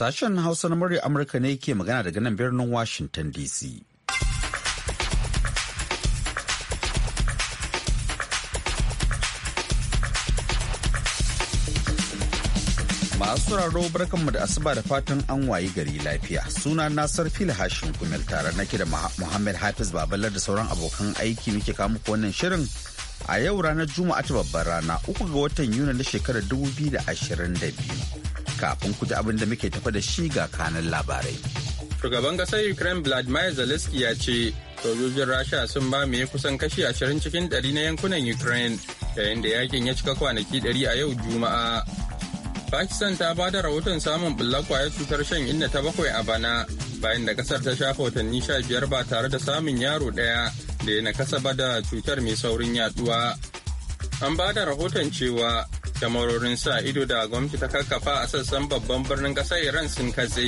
Sashen Hausa na murya Amurka ne ke magana daga nan birnin Washington DC. Masu sauraro barkanmu da asuba da fatan an wayi gari lafiya. Suna Nasar Fil Hashin Kumel tare nake da Muhammad Hafiz Babalar da sauran abokan aiki muke kawo muku wannan shirin a yau ranar Juma'a ta babbar rana uku ga watan Yuni na shekarar 2022. kafin ku ji abin da muke tafa da shi ga kanan labarai. Shugaban ƙasar Ukraine Vladimir Zelensky ya ce sojojin Rasha sun mamaye kusan kashi ashirin cikin ɗari na yankunan Ukraine yayin da yakin ya cika kwanaki ɗari a yau Juma'a. Pakistan ta ba da rahoton samun bullar kwayar cutar shan inna ta bakwai a bana bayan da kasar ta shafa watanni sha biyar ba tare da samun yaro ɗaya da ya nakasa ba da cutar mai saurin yaduwa. An ba da rahoton cewa kyamarorin sa ido da gwamnati ta karkafa a sassan babban birnin kasar iran sun katse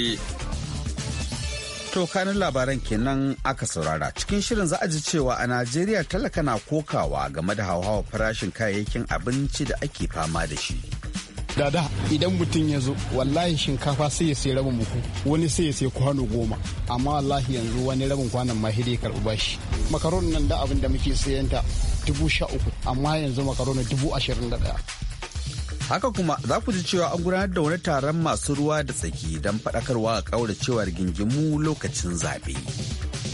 to kanin labaran kenan aka saurara cikin shirin za a ji cewa a najeriya talaka na kokawa game da hauhawa farashin kayayyakin abinci da ake fama da shi dada idan mutum ya zo wallahi shinkafa sai ya sai rabin muku wani sai ya sai kwano goma amma wallahi yanzu wani rabin kwanan ma hidai karɓi shi makaronin nan da abin da muke sayanta dubu sha uku amma yanzu makaronin dubu ashirin da ɗaya haka kuma za ku ji cewa an gudanar da wani taron masu ruwa da tsaki don faɗakarwa a ƙaura cewar gingimu lokacin zaɓe.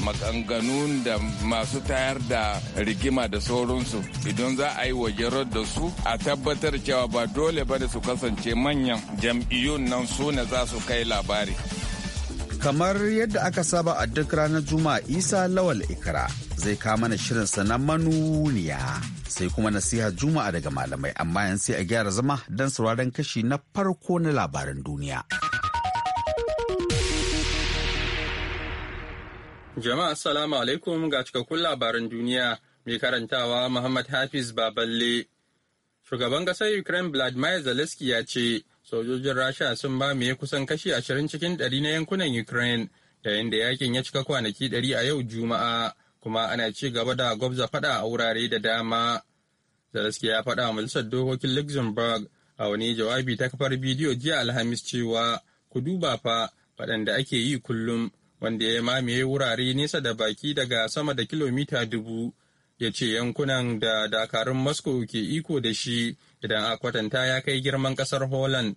maganganun da masu tayar da rigima da sauransu idan za a yi wajerar da su a tabbatar cewa ba dole ba da su kasance manyan jam'iyyun nan su ne za su kai labari kamar yadda aka saba a duk ranar juma'a isa lawal ikra zai kawo mana shirinsa na manuniya sai kuma nasiha juma'a daga malamai amma yan sai a gyara zama don sauraron kashi na farko na labaran duniya. Jama'a salamu alaikum ga cikakkun labaran duniya mai karantawa Muhammad Hafiz Baballe. Shugaban ƙasar Ukraine Vladimir Zelensky ya ce sojojin Rasha sun mamaye kusan kashi ashirin cikin ɗari na yankunan Ukraine yayin da yakin ya cika kwanaki ɗari a yau Juma'a. kuma ana ci gaba da gwabza fada a wurare da dama Zelensky ya faɗa a majalisar dokokin Luxembourg a wani jawabi ta kafar bidiyo jiya Alhamis cewa ku duba fa fadan da ake yi kullum wanda ya mamaye wurare nesa da baki daga sama da kilomita dubu ya ce yankunan da dakarun Moscow ke iko da shi idan a kwatanta ya kai girman kasar Holland.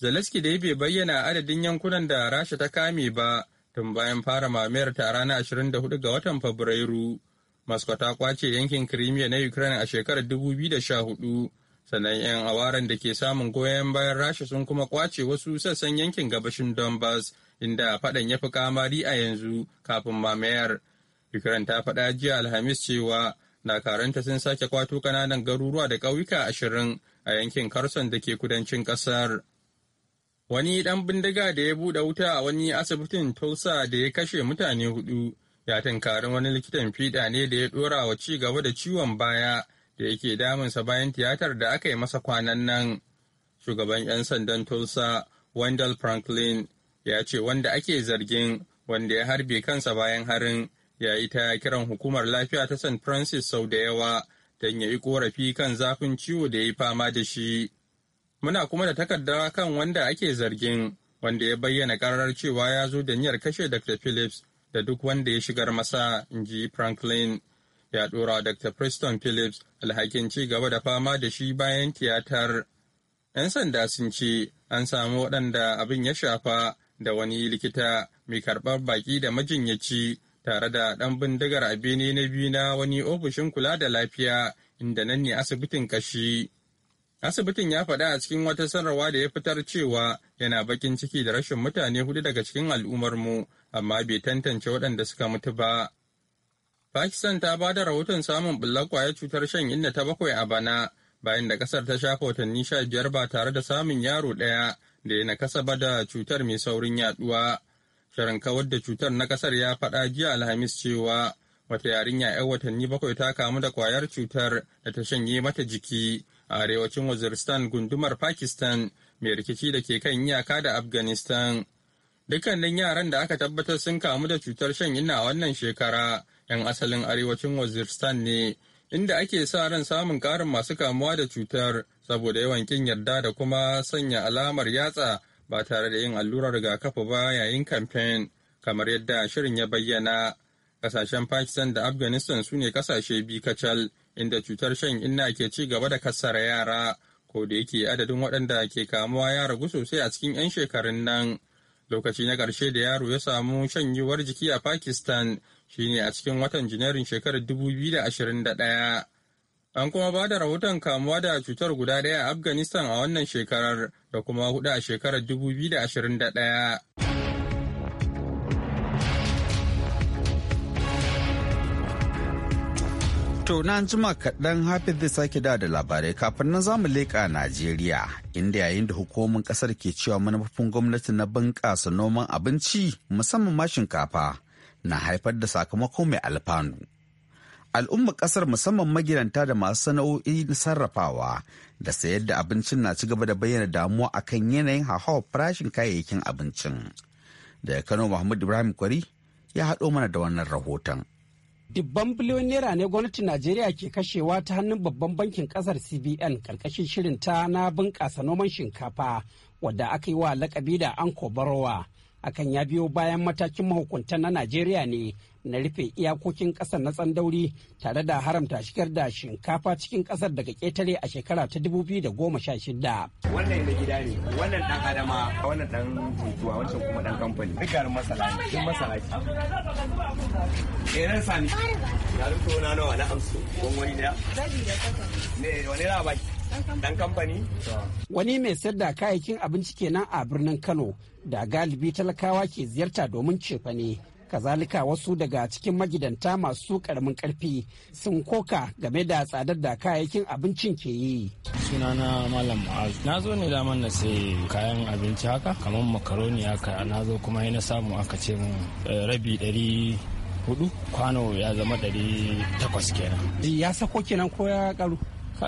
zaleski dai bai bayyana adadin yankunan da Rasha ta kame ba tun bayan fara mamayar ta ranar 24 ga watan Fabrairu. Moscow ta kwace yankin Crimea na Ukraine a shekarar 2014, sannan 'yan awaren da ke samun goyon bayan Rasha sun kuma kwace wasu sassan yankin gabashin Donbass, inda faɗan ya fi kamari a yanzu kafin mamayar. Ukraine ta faɗa jiya Alhamis cewa dakaranta sun sake kwato kananan garuruwa da ƙauyuka ashirin a yankin Kherson da ke kudancin ƙasar. Wani ɗan bindiga da ya buɗe wuta a wani asibitin Tulsa da ya kashe mutane hudu ya tankari wani likitan fiɗa ne da ya ɗora wa ci gaba da ciwon baya da yake damunsa bayan tiyatar da aka yi masa kwanan nan. Shugaban 'yan sandan Tulsa, Wendell Franklin, ya ce wanda ake zargin wanda ya harbe kansa bayan harin ya yi ta kiran hukumar lafiya ta St. Francis sau da yawa don ya yi korafi kan zafin ciwo da ya yi fama da shi. muna kuma da takarda kan wanda ake zargin wanda ya bayyana karar cewa ya zo da niyyar kashe dr phillips da duk wanda ya shigar masa in ji franklin ya dora dr preston phillips alhakin ci gaba da fama da shi bayan tiyatar 'yan sanda sun ce an samu waɗanda abin ya shafa da wani likita mai karɓar baƙi da majinyaci tare da ɗan bindigar a bene na biyu na wani ofishin kula da lafiya inda nan ne asibitin kashi Asibitin ya faɗa a cikin wata sanarwa da ya fitar cewa yana bakin ciki da rashin mutane hudu daga cikin al'ummarmu, amma bai tantance waɗanda suka mutu ba. Pakistan ta ba da rahoton samun bullar kwayar cutar shan inna ta bakwai a bana, bayan da ƙasar ta shafa watanni sha biyar ba tare da samun yaro ɗaya da ya nakasa ba da cutar mai saurin yaduwa. Shirin kawar da cutar na ƙasar ya faɗa jiya Alhamis cewa wata yarinya 'yan watanni bakwai ta kamu da kwayar cutar da ta shanye mata jiki. a arewacin waziristan gundumar pakistan mai rikici da ke kan iyaka da afghanistan dukkanin yaran da aka tabbatar sun kamu da cutar shan inna a wannan shekara 'yan asalin arewacin waziristan ne inda ake sa ran samun karin masu kamuwa da cutar saboda yawan kin yarda da kuma sanya alamar yatsa ba tare da yin allurar rigakafi ba yayin kamfen kamar yadda shirin ya bayyana kasashen pakistan da afghanistan su ne kasashe bi kacal inda cutar shan inna ke ci gaba da kassara yara ko da yake adadin waɗanda ke kamuwa ya ragu sosai a cikin 'yan shekarun nan lokaci na ƙarshe da yaro ya samu shan yiwuwar jiki a pakistan shine a cikin watan janairun shekarar 2021 an kuma ba da rahoton kamuwa da cutar guda ɗaya a afghanistan a wannan shekarar da kuma hudu a shekarar 2021 To na jima kaɗan hafiz zai sake da da labarai kafin nan zamu leƙa Najeriya inda yayin da hukumomin ƙasar ke cewa manufofin gwamnati na bunƙasa noman abinci musamman ma shinkafa na haifar da sakamako mai alfanu. Al'ummar ƙasar musamman magidanta da masu sana'o'i na sarrafawa da sayar da abincin na ci gaba da bayyana damuwa akan yanayin hauhawar farashin kayayyakin abincin. Daga Kano Muhammadu Ibrahim Kwari ya haɗo mana da wannan rahoton. dubban biliyon ne gwamnatin najeriya ke kashewa ta hannun babban bankin kasar cbn karkashin shirin ta na bunƙasa noman shinkafa wadda aka yi wa lakabi da anko barowa akan ya biyo bayan matakin mahukuntan na najeriya ne na rufe iyakokin ƙasar na tsandauri tare da haramta shigar da shinkafa cikin ƙasar daga ƙetare a shekara ta 2016. Wannan da gida ne, wannan ɗan adama, wannan ɗan hutuwa, wancan kuma ɗan kamfani. Dukkanin masala ne, duk masala ce. Eren sami. Yarin tona nawa na amsu, gwangwani da. da Ne, wani na dan kamfani. Wani mai sayar da kayayyakin abinci kenan a birnin Kano da galibi talakawa ke ziyarta domin cefane kazalika wasu daga cikin magidanta masu karamin karfi sun koka game da tsadar da kayayyakin abincin ke yi sunana malam ma'az na zo ne daman na sai kayan abinci haka kamar makaroni haka na zo kuma yi na samu aka ce mun eh, rabi ɗari hudu kwano ya zama ɗari takwas kenan ya sako kenan ko ya karu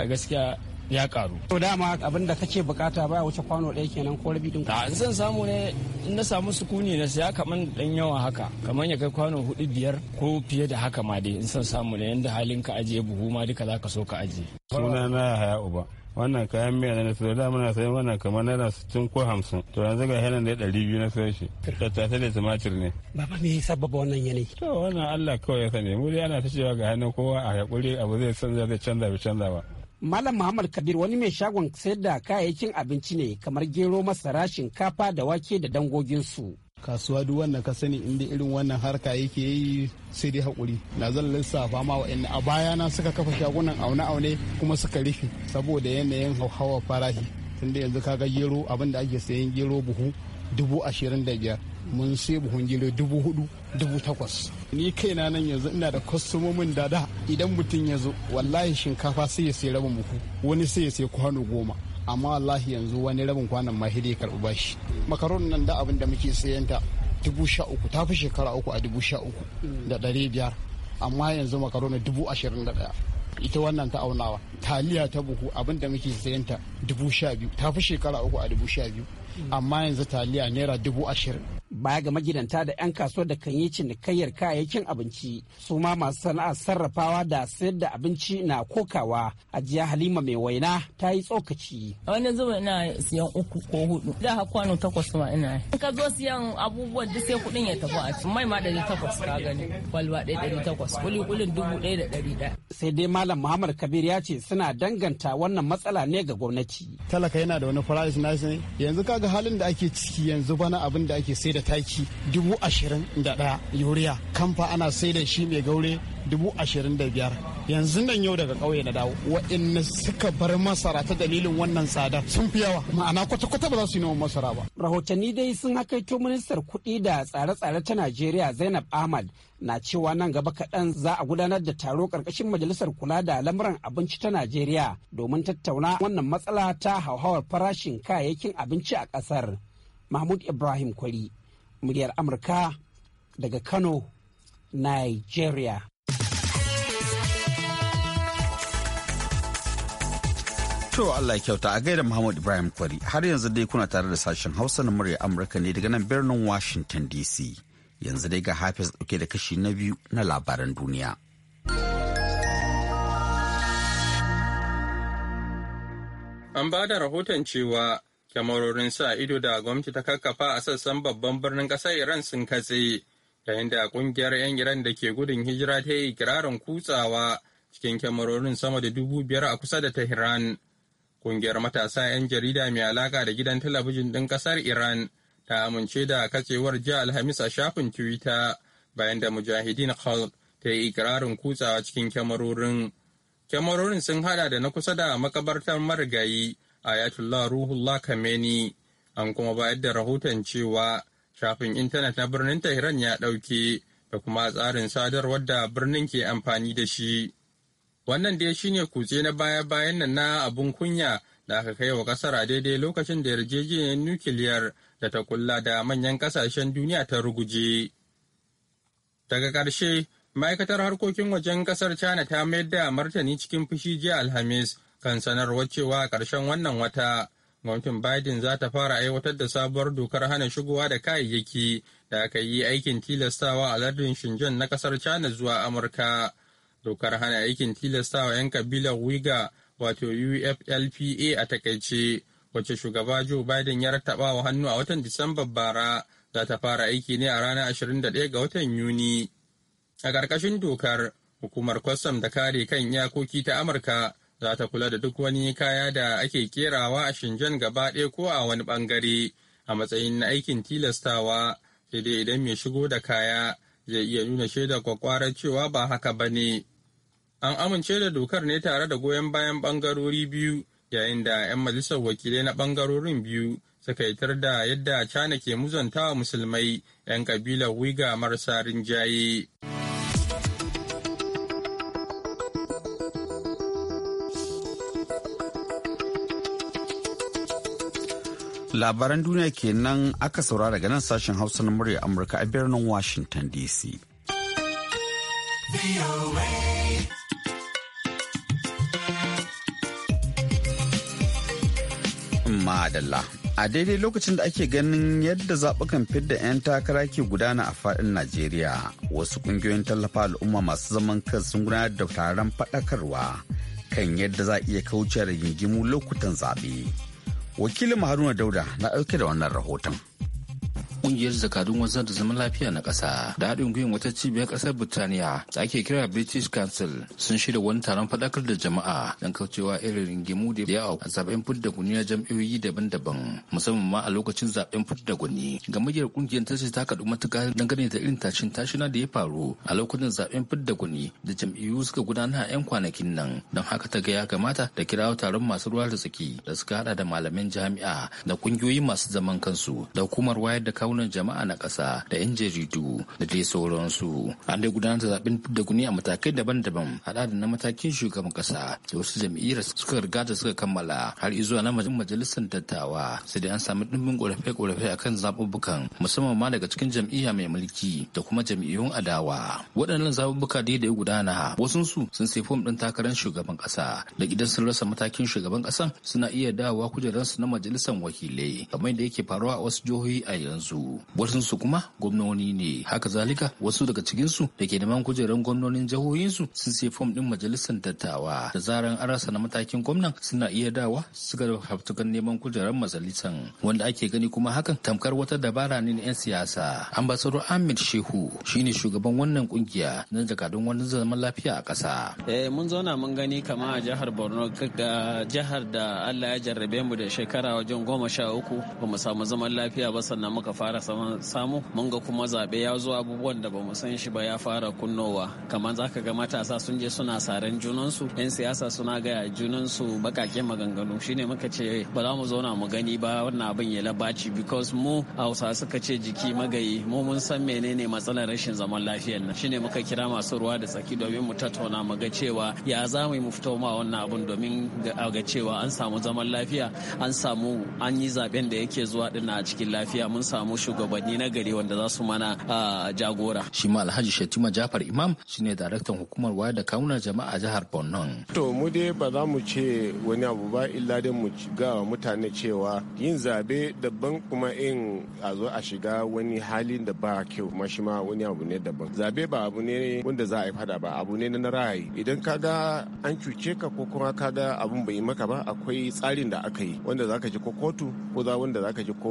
gaskiya ya karu. To dama abin da kake bukata baya wuce kwano ɗaya kenan ko rabi din. A zan samu ne in na samu sukuni na siya kaman dan yawa haka kaman ya kai kwano hudu biyar ko fiye da haka ma dai in san samu ne yanda halin ka ajiye buhu ma duka zaka so ka ajiye. Suna na haya uba. wannan kayan miya na nasarar da muna sayan wannan kamar naira sittin ko hamsin to yanzu ga hannun da ɗari biyu na sayan shi tattasai da tumatir ne. baba me ya sababa wannan yanayi. to wannan allah kawai ya sani mu dai ana ta cewa ga hannun kowa a haƙuri abu zai canza zai canza canza ba. Malam Muhammad Kabir wani mai shagon sayar da kayayyakin abinci ne kamar gero masara shinkafa da wake da dangoginsu. kasuwa duk wannan ka sani inda irin wannan harka yake yi sai dai hakuri na zan lissafa ma wa'in a baya na suka kafa shagunan aune aune kuma suka rufe saboda yanayin hawa farashi tunda yanzu kaga gero abinda ake sayan gero buhu dubu ashirin da biyar mun sai buhun gero dubu hudu dubu takwas ni kaina nan yanzu ina da kwastomomin da da idan mutum ya zo wallahi shinkafa sai ya sai rabin buhu wani sai ya sai kwano goma amma wallahi yanzu wani rabin kwanan ma ya karɓi bashi makaron nan da abin da muke sayanta dubu sha uku ta fi shekara uku a dubu sha uku da ɗari biyar amma yanzu makaroni dubu ashirin da ɗaya ita wannan ta aunawa taliya ta buhu abin da muke sayanta dubu sha biyu ta fi shekara uku a dubu sha biyu amma yanzu taliya naira dubu ashirin. Baya ga magidanta da 'yan kasuwar da kan yi cinikayyar kayayyakin abinci, su ma masu sana'ar sarrafawa da sayar da abinci na kokawa. Ajiya Halima mai waina ta yi tsokaci. Wani zuba ina siyan uku ko hudu, da ha kwano takwas ma ina. In ka zo siyan abubuwan duk sai kuɗin ya tafi a cikin mai ma ɗari takwas ka gani, kwalba ɗaya ɗari takwas, kuli kulin dubu ɗaya da ɗari ɗaya. Sai dai Malam Muhammad Kabir ya ce suna danganta wannan matsala ne ga gwamnati. Talaka yana da wani farashi na yanzu kaga halin da ake ciki yanzu bana abin da ake sai da taki dubu ashirin da ɗaya yuriya kamfa ana sai da shi mai gaure dubu ashirin da biyar yanzu nan yau daga ƙauye na dawo wa'inda suka bar masara ta dalilin wannan tsada sun fi yawa ma'ana kwata-kwata ba za su yi noman masara ba. rahotanni dai sun hakaito ministar kuɗi da tsare-tsare ta najeriya zainab ahmad na cewa nan gaba kaɗan za a gudanar da taro ƙarƙashin majalisar kula da lamuran abinci ta najeriya domin tattauna wannan matsala ta hauhawar farashin kayayyakin abinci a ƙasar mahmud ibrahim kwari muryar amurka daga kano nigeria To Allah ya kyauta a gaida Muhammad Ibrahim Kwari har yanzu dai kuna tare da sashen Hausa na murya Amurka ne daga nan birnin Washington DC. Yanzu dai ga Hafiz dauke da kashi na biyu na labaran duniya. An ba da rahoton cewa kyamarorin sa ido da gwamnati ta kakkafa a sassan babban birnin ƙasar Iran sun katse yayin da kungiyar 'yan Iran da ke gudun hijira ta yi kirarin kutsawa cikin kyamarorin sama da dubu biyar a kusa da Tehran. Kungiyar matasa 'yan jarida mai alaka da gidan talabijin ɗin ƙasar Iran ta amince da kacewar jiya Alhamis a shafin Twitter bayan da mujahidin khal ta yi ikirarin kutsawa cikin kyamarorin. Kyamarorin sun hada da na kusa da makabartar marigayi Ayatollah Ruhullah Kameni, an kuma bayar da rahoton cewa shafin intanet na birnin Tehran ya ɗauke da kuma tsarin sadarwar da birnin ke amfani da shi. Wannan dai shine kutse na baya-bayan nan na abun kunya da aka kai wa kasar a daidai lokacin da yarjejeniyar nukiliyar da ta kulla da manyan kasashen duniya ta ruguje. Daga ƙarshe, ma'aikatar harkokin wajen kasar China ta mayar da martani cikin fushi jiya Alhamis kan sanarwar cewa a ƙarshen wannan wata. gwamnatin Biden za ta fara aiwatar da sabuwar dokar hana shigowa da kayayyaki da aka yi aikin tilastawa a lardin Shenzhen na kasar China zuwa Amurka dokar hana aikin tilastawa 'yan kabilar wiga wato uflpa a takaice wacce shugaba joe biden ya rattaba hannu a watan disamba bara za ta fara aiki ne a ranar 21 ga watan yuni a ƙarƙashin dokar hukumar kwastam da kare kan iyakoki ta amurka za ta kula da duk wani kaya da ake kerawa a shinjan gaba ɗaya ko a wani bangare a matsayin na aikin tilastawa sai dai idan mai shigo da kaya zai iya nuna shaidar kwakwarar cewa ba haka ba ne An amince da dokar ne tare da goyon bayan bangarori biyu yayin da 'yan majalisar wakilai na bangarorin biyu suka yitar da yadda cana ke muzanta wa musulmai 'yan kabilar Wiga marasa rinjaye. Labaran duniya kenan aka saurara daga nan sashen Hausa na murya Amurka a birnin Washington DC. Madalla. A daidai lokacin da ake ganin yadda zaɓukan fidda 'yan takara ke gudana a faɗin Najeriya, wasu ƙungiyoyin tallafa al'umma masu zaman kan sun gudanar da taron faɗakarwa kan yadda za a iya kauce rigingimu lokutan zaɓe. Wakilin Haruna Dauda na ɗauke da wannan rahoton. kungiyar jakadun wanzar da zaman lafiya na kasa. da haɗin gwiwar wata cibiyar ƙasar Birtaniya da ake kira British Council sun shirya wani taron faɗakar da jama'a don kaucewa irin ringimu da yawa a zaben fidda guni na jam'iyyoyi daban-daban musamman ma a lokacin zaben da guni. Gamayyar kungiyar ta ce ta kaɗu matuƙa dangane da irin tashin tashina da ya faru a lokacin zaben da guni da jam'iyyu suka gudana a 'yan kwanakin nan don haka ta ga ya kamata da kirawo taron masu ruwa da tsaki da suka hada da malaman jami'a da kungiyoyi masu zaman kansu da hukumar wayar da kawunan rukunin jama'a na ƙasa da 'yan jaridu da dai sauransu an dai gudanar da zaben da guni a matakai daban-daban haɗa da na matakin shugaban ƙasa da wasu jam'iyyar suka riga da suka kammala har izuwa na majalisar dattawa sai dai an samu ɗimbin ƙorafe-ƙorafe a kan zaɓuɓɓukan musamman ma daga cikin jam'iyya mai mulki da kuma jam'iyyun adawa waɗannan zaɓuɓɓuka dai da ya gudana su sun sai fom ɗin takarar shugaban ƙasa da gidan sun rasa matakin shugaban ƙasan suna iya dawowa kujerarsu na majalisar wakilai kamar da yake faruwa a wasu jihohi a yanzu su kuma gwamnoni ne haka zalika wasu daga cikinsu da ke neman kujerar gwamnonin jihohinsu sun sai fom din majalisar dattawa da zaran arasa na matakin gwamnan suna iya dawa suka haftukan neman kujerar majalisar wanda ake gani kuma hakan tamkar wata dabara ne na 'yan siyasa ambasador ahmed shehu shine shugaban wannan kungiya na jakadun wani zaman lafiya a ƙasa. eh mun zauna mun gani kama a jihar borno ga jihar da allah ya jarrabe mu da shekara wajen goma sha uku ba mu samu zaman lafiya ba sannan muka fara fara samu ga kuma zaɓe ya zo abubuwan da ba mu san shi ba ya fara kunnowa kamar za ka ga matasa sun je suna saran junansu yan siyasa suna gaya junansu bakaƙe maganganu shine muka ce ba za mu zauna mu gani ba wannan abin ya labaci because mu hausa suka ce jiki magayi mu mun san menene matsalar rashin zaman lafiyar nan shine muka kira masu ruwa da tsaki domin mu tattauna mu ga cewa ya za mu fito ma wannan abun domin ga cewa an samu zaman lafiya an samu an yi zaben da yake zuwa dinna a cikin lafiya mun samu shugabanni na gari wanda za su mana jagora. Shi ma Alhaji Shatima Jafar Imam shine daraktan hukumar wayar da kawunan jama'a jihar Borno. To mu dai ba za mu ce wani abu ba illa dai mu ga mutane cewa yin zabe daban kuma in a zo a shiga wani halin da ba kyau kuma shi ma wani abu ne daban. Zabe ba abu ne wanda za a yi fada ba abu ne na ra'ayi. Idan ka ga an cuce ka ko kuma ka ga abun bai yi maka ba akwai tsarin da aka yi wanda za ka ji ko kotu ko za wanda za ka ji ko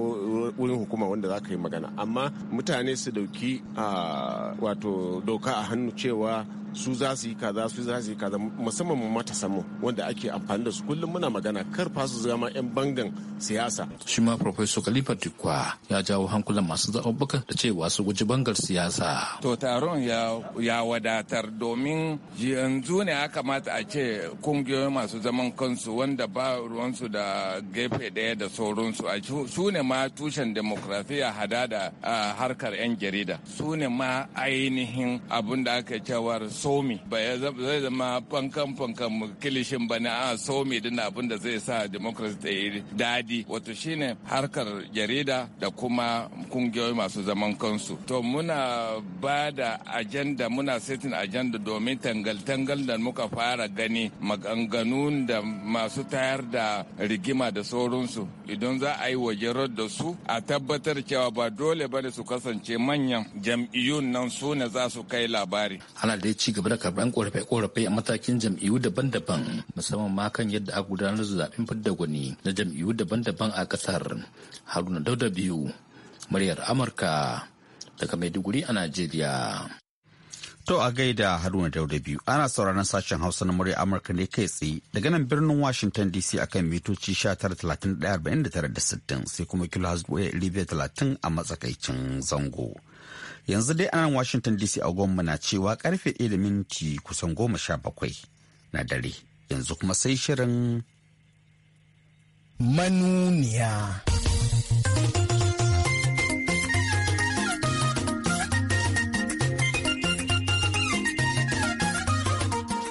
wurin hukuma wanda za aka yi magana amma mutane su dauki ah, wato doka a hannu cewa su za su yi kaza su za su yi kaza musamman mu matasan mu wanda ake amfani da su kullum muna magana kar fa su zama yan bangan siyasa shi ma professor Khalifa Dikwa ya jawo hankulan masu zaɓuɓɓuka da cewa su guji bangar siyasa to taron ya ya wadatar domin yanzu ne ya kamata a ce kungiyoyin masu zaman kansu wanda ba ruwansu da gefe ɗaya da sauransu a su ne ma tushen demokrasiya hada da harkar yan jarida su ne ma ainihin abin da aka cewar somi ba zai zama fankan fankan kilishin ba na a ah, somi din abin da zai sa democracy ta yi dadi wato shine harkar jarida da kuma kungiyoyi masu zaman kansu to muna ba da agenda muna setin agenda domin tangal-tangal da muka fara gani maganganun da masu tayar da rigima da sauransu idan za a yi wajerar da su a tabbatar cewa ba dole ba su kasance manyan jam'iyyun nan su ne za su kai labari ci gaba da karɓar ƙorafe-ƙorafe a matakin jam'iyyu daban-daban musamman ma kan yadda a gudanar da zaɓen fidda gwani na jam'iyyu daban-daban a ƙasar haruna dauda biyu muryar amurka daga maiduguri a najeriya To a gaida Haruna Dauda biyu ana sauraron sashen Hausa na murya Amurka ne kai tsaye daga nan birnin Washington DC akan mitoci da sittin, sai kuma kilo hasbo talatin a matsakaicin zango. yanzu dai anan washington dc agonmu na cewa karfe ilimin da kusan goma sha bakwai na dare yanzu kuma sai shirin manuniya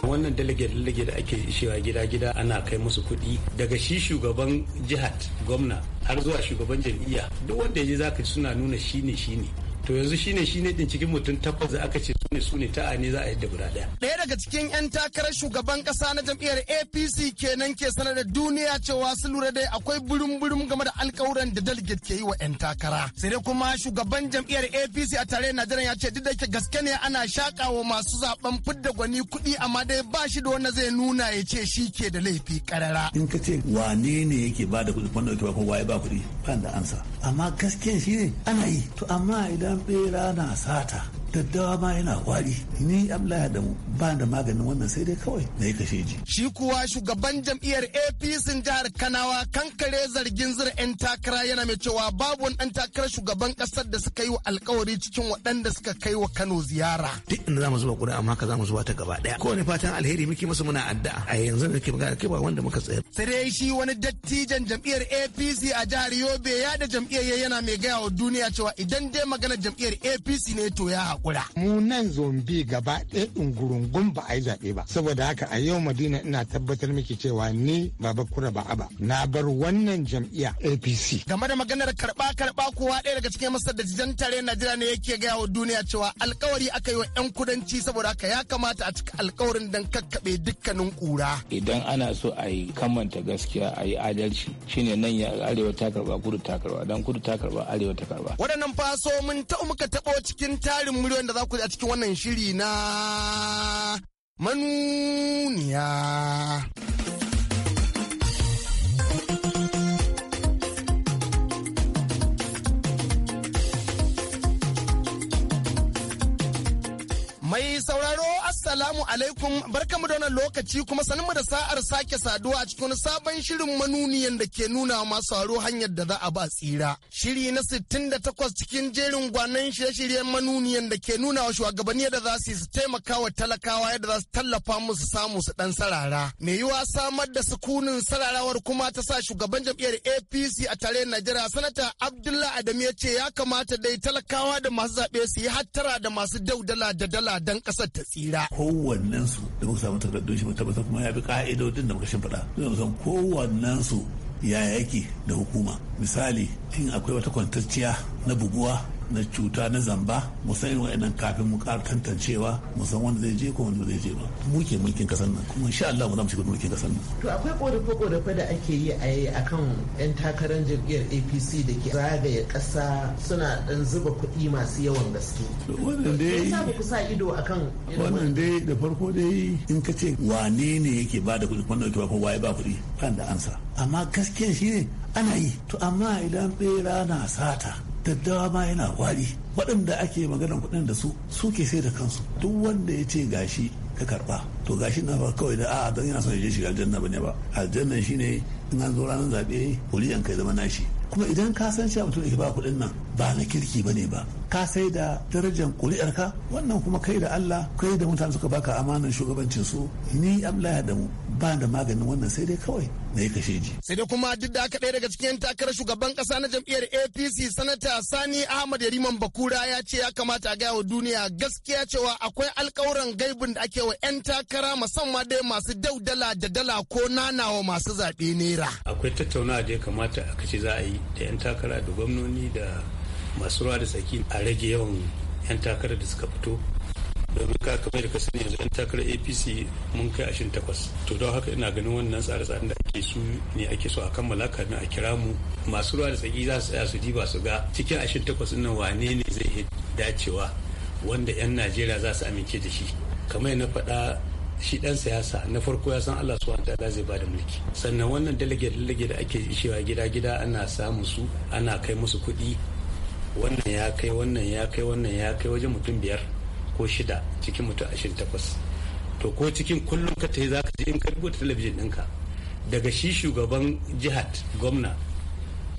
wannan dalage-dalage da ake shewa gida-gida ana kai musu kuɗi daga shi shugaban jihat gwamna har zuwa shugaban jam'iyya duk wanda ya je zaka suna nuna shine shine to yanzu shine shine din cikin mutum takwas da aka ce sune sune ta'a ne za a yadda guda daya ɗaya daga cikin yan takarar shugaban kasa na jam'iyyar APC kenan ke sanar da duniya cewa su lura dai akwai burum burum game da alkawuran da delegate ke yi wa yan takara sai dai kuma shugaban jam'iyyar APC a tare Najeriya ya ce duk da ke gaske ne ana shakawa masu zaben fidda gwani kuɗi amma dai ba shi da wanda zai nuna ya ce shi ke da laifi karara in ka ce wane ne yake ba da kuɗi wanda yake ba ba kuɗi ba da ansa amma gaskiyan shi ne ana yi to amma idan ɗan na sata daddawa ma yana kwari ni abdullahi adamu ba da maganin wannan sai dai kawai na yi kashe ji shi kuwa shugaban jam'iyyar apc jihar kanawa kankare zargin zira 'yan takara yana mai cewa babu wani ɗan takarar shugaban ƙasar da suka yi wa alkawari cikin waɗanda suka kai wa kano ziyara duk inda za mu zuba ƙuri'a ma ka za mu zuba ta gaba ɗaya kowane fatan alheri muke masa muna addu'a a yanzu da ke magana kai ba wanda muka tsayar sai dai shi wani dattijan jam'iyyar apc a jihar yobe ya da jam'iyyar yana mai gaya wa duniya cewa idan dai magana jam'iyyar apc ne to ya haƙura. Mu nan zombi gaba ɗaya ɗungurungun ba a yi zaɓe ba. Saboda haka a yau Madina ina tabbatar miki cewa ni Baba Kura ba aba. Na bar wannan jam'iyya APC. Game da maganar karɓa karɓa kowa ɗaya daga cikin masar da jijan tare Najeriya ne yake gaya wa duniya cewa alkawari aka yi wa 'yan kudanci saboda haka ya kamata a cika alkawarin dan kakkaɓe dukkanin ƙura. Idan ana so a yi kamanta gaskiya a yi adalci shine nan ya arewa ta karɓa kudu ta karɓa dan kudu ta karɓa arewa ta karɓa. Waɗannan faso mun ta muka taɓo cikin tarin muryoyin da za ku a cikin wannan shiri na manuniya. alaikum barkamu da wannan lokaci kuma sanmu da sa'ar sake saduwa a cikin sabon shirin manuniyan da ke nuna masu haro hanyar da za a ba tsira. Shiri na 68 cikin jerin gwanan shirye-shiryen manuniyan da ke nuna wa shugabanni da za su taimaka wa talakawa yadda za su tallafa musu samu su dan sarara. Me yiwa samar da sukunin sararawar kuma ta sa shugaban jam'iyyar APC a tare Najeriya sanata Abdullahi Adamu ya ce ya kamata dai talakawa da masu zaɓe su yi hattara da masu daudala da dala dan ƙasar ta tsira. Kowanne kowannen su da muka samu takardun shi mu tabbatar kuma ya bi ka'idodin da muka shimfiɗa. Zan san kowannen su yaya yake da hukuma misali in akwai wata kwantacciya na buguwa na cuta na zamba mu san wa'annan kafin mu ƙara tantancewa mu san wanda zai je ko wanda zai je ba mu ke mulkin kasar nan kuma insha Allah mu za mu shiga mulkin kasar nan to akwai korafe korafe da ake yi a yi akan yan takarar jam'iyyar APC da ke zagaye ƙasa suna dan zuba kuɗi masu yawan gaske wannan dai ya ku sa ido akan wannan dai da farko dai in ka ce wane ne yake ba da kuɗi wannan ko waye ba kuɗi kan da ansa amma gaskiya ne ana yi to amma idan bera na sata daddawa ma yana wari waɗanda ake magana kuɗin da su suke sai da kansu duk wanda ya ce gashi ka karba to gashi na ba kawai da a don yana son ya shiga aljanna bane ba aljanna shine in an zo ranar zaɓe kuriyan kai zama nashi kuma idan ka san cewa mutum da ke ba kuɗin nan ba na kirki ba ne ba ka sai da darajar ka wannan kuma kai da Allah kai da mutane suka baka amanar shugabancin su ni ya mu ba da maganin wannan sai dai kawai na yi kashe ji. Sai dai kuma duk da aka ɗaya daga cikin takarar shugaban ƙasa na jam'iyyar APC sanata Sani Ahmad Yariman Bakura ya ce ya kamata a gaya wa duniya gaskiya cewa akwai alƙawuran gaibin da ake wa 'yan takara musamman dai masu daudala da dala ko nanawa masu zaɓe naira. Akwai tattaunawa da ya kamata a kace za a yi da 'yan takara da gwamnoni da masu ruwa da tsaki a rage yawan 'yan takarar da suka fito domin ka kamar da ka yanzu yan takarar apc mun kai ashirin takwas to don haka ina ganin wannan tsare-tsaren da ake su ne ake so a kammala kamin a kira mu masu ruwa da tsaki za su tsaya su diba su ga cikin ashirin takwas nan wane ne zai dacewa wanda yan najeriya za su amince da shi kamar na faɗa shi dan siyasa na farko ya san Allah wanda ta'ala zai bada mulki sannan wannan dalage dalage da ake ishewa gida gida ana samu su ana kai musu kuɗi wannan ya kai wannan ya kai wannan ya kai wajen mutum biyar ko shida cikin mutum ashirin takwas to ko cikin kullum ka ta za ka ji in ka rubuta talabijin ɗinka daga shi shugaban jihar gwamna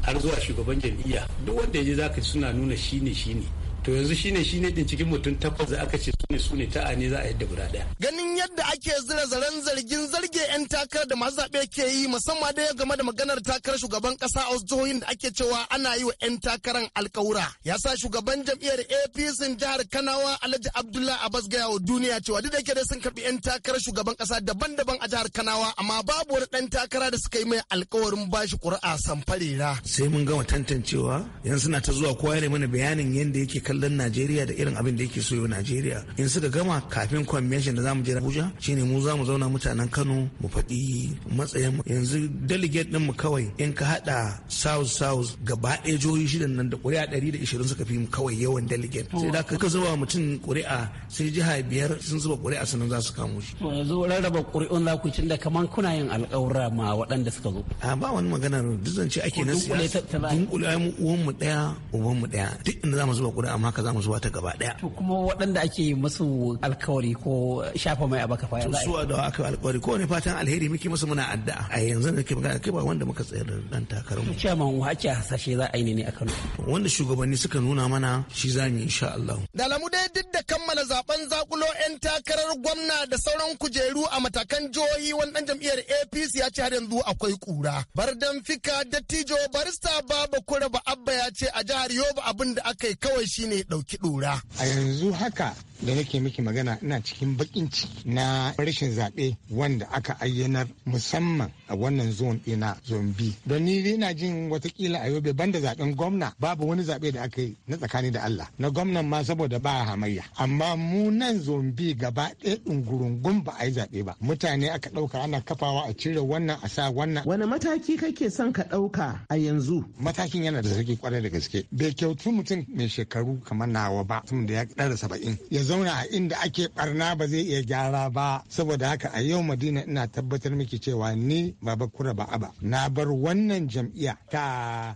har zuwa shugaban jam'iyya duk wanda ya je za ka suna nuna shine shine to yanzu shine shine din cikin mutum takwas da aka ce ne su ne ta'a ne za a yadda guda ɗaya. Ganin yadda ake zira zaren zargin zarge 'yan takarar da masu zaɓe ke yi musamman da ya game da maganar takarar shugaban ƙasa a jihohin da ake cewa ana yi wa 'yan takarar alkawura. Ya sa shugaban jam'iyyar APC jihar Kanawa Alhaji Abdullah Abbas gaya wa duniya cewa duk da yake dai sun karɓi 'yan takarar shugaban ƙasa daban-daban a jihar Kanawa amma babu wani ɗan takara da suka yi mai alkawarin bashi ƙuri'a samfarera. Sai mun gama tantancewa yanzu suna ta zuwa kowa mana bayanin yadda yake kallon Najeriya da irin abin da yake so yau Najeriya. in suka gama kafin convention da zamu je Abuja shine mu zamu zauna mutanen Kano mu faɗi matsayin yanzu delegate din mu kawai in ka hada South South gaba ɗaya jihohi shidan nan da ƙuri'a 120 suka fi mu kawai yawan delegate sai da ka zuba mutum ƙuri'a sai jiha biyar sun zuba ƙuri'a sannan za su kamo shi. yanzu rarraba ƙuri'un za ku da kaman kuna yin alƙawura ma waɗanda suka zo. a ba wani maganar duk ce ake na siyasa dunkule mu uwan mu ɗaya uban mu ɗaya duk inda za mu zuba ƙuri'a ma ka za mu zuba ta gaba ɗaya. to kuma waɗanda ake musu alkawari ko shafa mai a baka fa yanzu su da aka alkawari ko ne fatan alheri muke musu muna addu'a a yanzu da ke magana kai ba wanda muka tsayar da dan takarar mu chairman hakki hasashe za a yi ne a Kano wanda shugabanni suka nuna mana shi za mu insha Allah da lamu dai duk da kammala zaben zakulo yan takarar gwamna da sauran kujeru a matakan jihohi wani dan jam'iyyar APC ya ce har yanzu akwai kura bardan fika dattijo barista baba kura ba abba ya ce a jihar Yobe abin da aka yi kawai shine dauki dora a yanzu haka da nake miki magana ina cikin bakin ciki na rashin zaɓe wanda aka ayyanar musamman a wannan zon ɗina zombi don ni ina jin watakila a yobe banda zaɓen gwamna babu wani zaɓe da aka yi na tsakani da Allah na gwamnan ma saboda ba hamayya amma mu nan zombi gaba ɗaya ɗungurungun ba a yi zaɓe ba mutane aka ɗauka ana kafawa a cire wannan a sa wannan wani mataki kake son ka ɗauka a yanzu matakin yana da sauki kwarai da gaske bai kyautu mutum mai shekaru kamar nawa ba mutum da ya ɗara saba'in ya zauna a inda ake barna ba zai iya gyara ba saboda haka a yau madina ina tabbatar miki cewa ni baba kura ba aba na bar wannan jam'iyya ta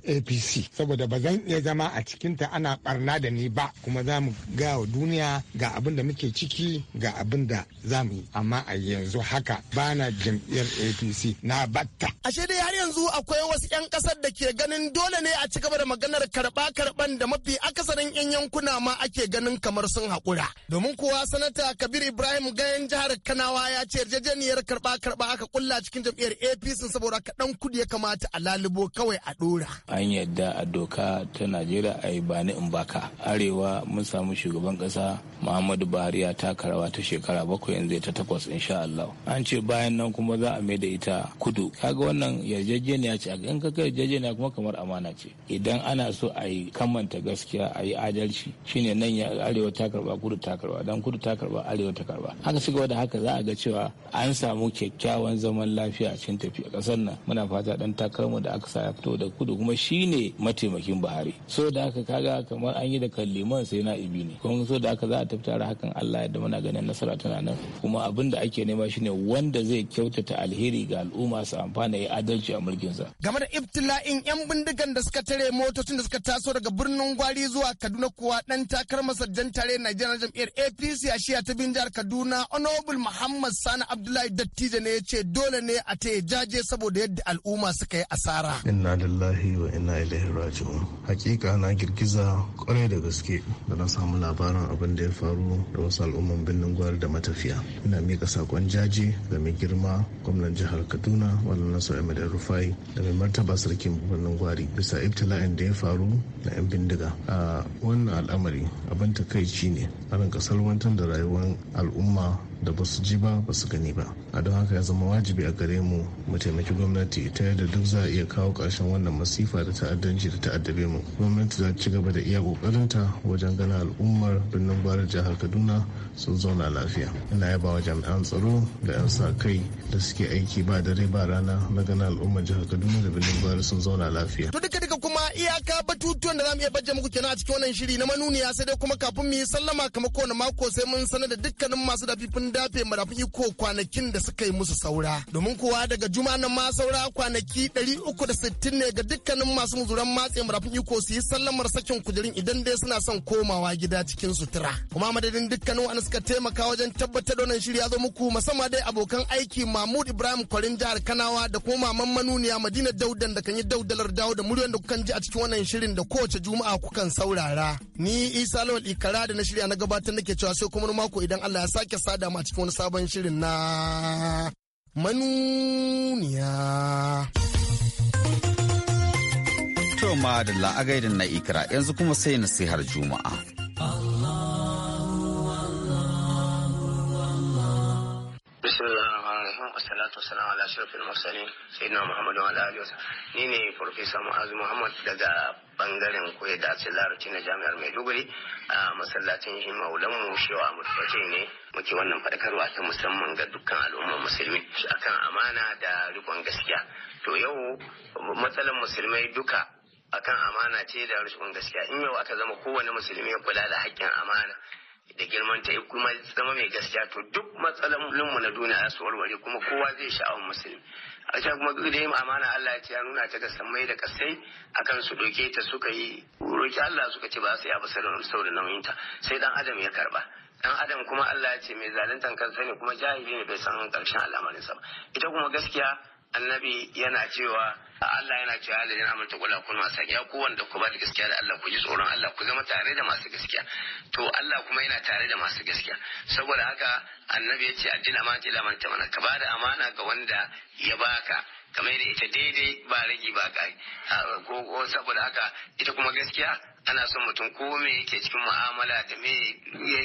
apc saboda ba zan iya zama a cikinta ana barna da ni ba kuma za mu ga wa duniya ga abin da muke ciki ga abin da za mu yi amma a yanzu haka ba na jam'iyyar apc na batta ashe dai har yanzu akwai wasu 'yan kasar da ke ganin dole ne a ci gaba da maganar karba karban da mafi akasarin 'yan yankuna ma ake ganin kamar sun haƙura domin kuwa sanata kabir ibrahim gayan jihar kanawa ya ce yarjejeniyar karba karba aka kulla cikin jam'iyyar apc saboda kaɗan dan kudi ya kamata a lalubo kawai a dora an yadda a doka ta najeriya a yi bani in baka arewa mun samu shugaban kasa muhammadu buhari ya taka rawa ta shekara bakwai yanzu ta takwas insha allah an ce bayan nan kuma za a mai da ita kudu kaga wannan yarjejeniya ce a in ka yarjejeniya kuma kamar amana ce idan ana so a yi kamanta gaskiya a yi adalci shine nan ya arewa ta karba kudu ta ta karba dan kudu ta karba arewa ta karba haka shiga da haka za a ga cewa an samu kyakkyawan zaman lafiya a cikin tafiya kasar nan muna fata dan takarmu da aka sa fito da kudu kuma shine mataimakin Buhari so da haka kaga kamar an yi da kalliman sai na ibi ne kuma so da haka za a tafi tare hakan Allah ya da muna ganin nasara tana nan kuma abin da ake nema shine wanda zai kyautata alheri ga al'umma su amfana ya adalci a mulkinsa game da iftila'in yan bindigan da suka tare motocin da suka taso daga birnin gwari zuwa Kaduna kuwa dan takarmar sarjan tare na jam'iyyar. jam'iyyar apc a shiya ta bin jihar kaduna honorable muhammad sani abdullahi dattijo ne ya ce dole ne a ta jaje saboda yadda al'umma suka yi asara inna lillahi wa inna ilaihi raji'un hakika na girgiza kwarai da gaske da na samu labarin abin da ya faru da wasu al'umman birnin gwari da matafiya ina mika sakon jaje da mai girma gwamnan jihar kaduna wannan sa'ima da rufai da mai martaba sarkin birnin gwari bisa ibtila'in da ya faru na yan bindiga a wannan al'amari abin takaici ne wancan da rayuwar al'umma da ba su ji ba ba su gani ba a don haka ya zama wajibi a gare mu mu taimaki gwamnati ta yadda duk za a iya kawo ƙarshen wannan masifa da ta'addanci da ta'addabe mu gwamnati za ta ci gaba da iya ƙoƙarinta wajen ganin al'ummar birnin gwarar jihar kaduna sun zauna lafiya ina yaba wa jami'an tsaro da 'yan sa kai da suke aiki ba dare ba rana na ganin al'ummar jihar kaduna da birnin gwarar sun zauna lafiya to duka duka kuma iyaka batutuwan da za mu iya bajje muku kenan a cikin wannan shiri na manuniya sai dai kuma kafin mu yi sallama kamar kowane mako sai mun sanar da dukkanin masu dafifin dafe madafin iko kwanakin da suka yi musu saura domin kowa daga juma nan ma saura kwanaki 360 ne ga dukkanin masu muzuran matse madafin iko su yi sallamar sakin kujerin idan dai suna son komawa gida cikin sutura kuma madadin dukkanin wani suka taimaka wajen tabbatar da wannan shiri ya zo muku musamman dai abokan aiki mahmud ibrahim kwarin jihar kanawa da kuma maman manuniya madina daudan da kan yi daudalar dawo da muryan da kukan ji a cikin wannan shirin da kowace juma'a kukan saurara ni isa lawal ikara da na shirya na gabatar nake cewa sai kuma mako idan allah ya sake sada ma. cikin wani sabon shirin na manuniya. To ma da la'agaidin na ikira yanzu kuma sai nasihar juma'a. salatu wassalamu ala sayyidina ne farfesa mu'azu muhammad daga bangaren koyar da ce larabci na jami'ar maiduguri a masallacin shi maulan shewa ne muke wannan faɗakarwa ta musamman ga dukkan al'ummar musulmi akan amana da rikon gaskiya to yau matsalar musulmai duka akan amana ce da rikon gaskiya in yau aka zama kowane musulmi ya kula da haƙƙin amana da girman ta kuma zama mai gaskiya to duk matsalolin mu na duniya su warware kuma kowa zai sha'awar musulmi a can kuma duk da yin amana Allah ya nuna ta ga sammai da kasai akan su doke ta suka yi roki Allah suka ce ba su yi abu saboda nauyinta sai dan adam ya karba dan adam kuma Allah ya ce mai zaluntan kan sani kuma jahili ne bai san karshen al'amarinsa ba ita kuma gaskiya annabi yana cewa Allah yana cewa Allah yana amince kula kun masu ya ku wanda ku ba da gaskiya da Allah ku ji tsoron Allah ku zama tare da masu gaskiya to Allah kuma yana tare da masu gaskiya saboda haka annabi yace ce addini amana ce lamanta mana ka ba da amana ga wanda ya baka kamar da ita daidai ba ragi ba kai ko saboda haka ita kuma gaskiya ana son mutum ko me yake cikin mu'amala da me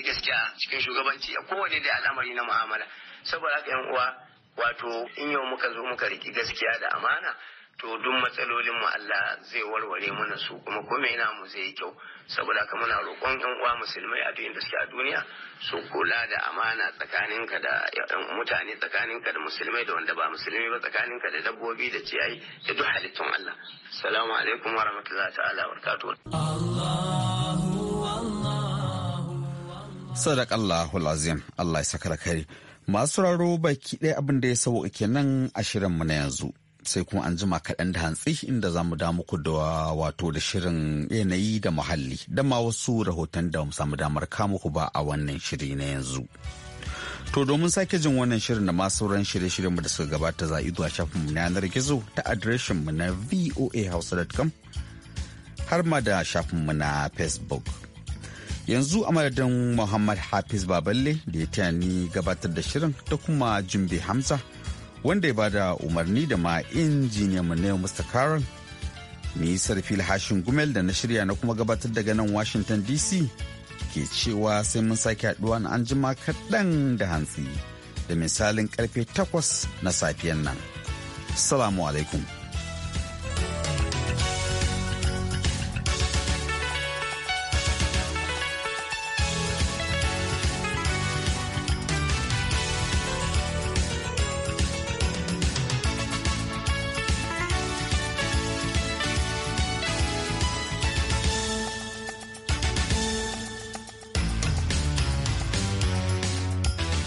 gaskiya cikin shugabanci ko kowane da al'amari na mu'amala saboda haka yan uwa wato in yau muka zo muka riki gaskiya da amana to duk matsalolin mu Allah zai warware mana su kuma kuma yana mu zai yi kyau saboda kuma muna roƙon yan uwa musulmai a da suke a duniya su kula da amana tsakaninka da mutane tsakaninka da musulmai da wanda ba musulmi ba tsakaninka da dabbobi da ciyayi da duk halittun Allah assalamu alaikum wa rahmatullahi ta'ala wa barakatuh Allahu Allahu azim Allah ya saka kai Masu raro baki ɗaya abin da ya sauke nan a shirinmu na yanzu. Sai kuma an jima kaɗan da hantsi inda za mu da muku da wato da shirin yanayi da muhalli da ma wasu rahoton da mu samu damar ku ba a wannan shiri na yanzu. To domin sake jin wannan shirin da masu sauran shirye-shiryen da suka gabata za a zuwa shafin mu na yanar gizo ta adireshin mu na voahausa.com har ma da shafin mu na Facebook. yanzu a madadin muhammad hafiz baballe da ya taya ni gabatar da shirin da kuma jumbe hamza wanda ya bada umarni da ma injiniya mu na mr karen ni sarfil hashin gumel da na shirya na kuma gabatar daga nan washington dc ke cewa sai mun sake haduwa na an kaɗan da hantsi da misalin karfe takwas na safiyan nan salamu alaikum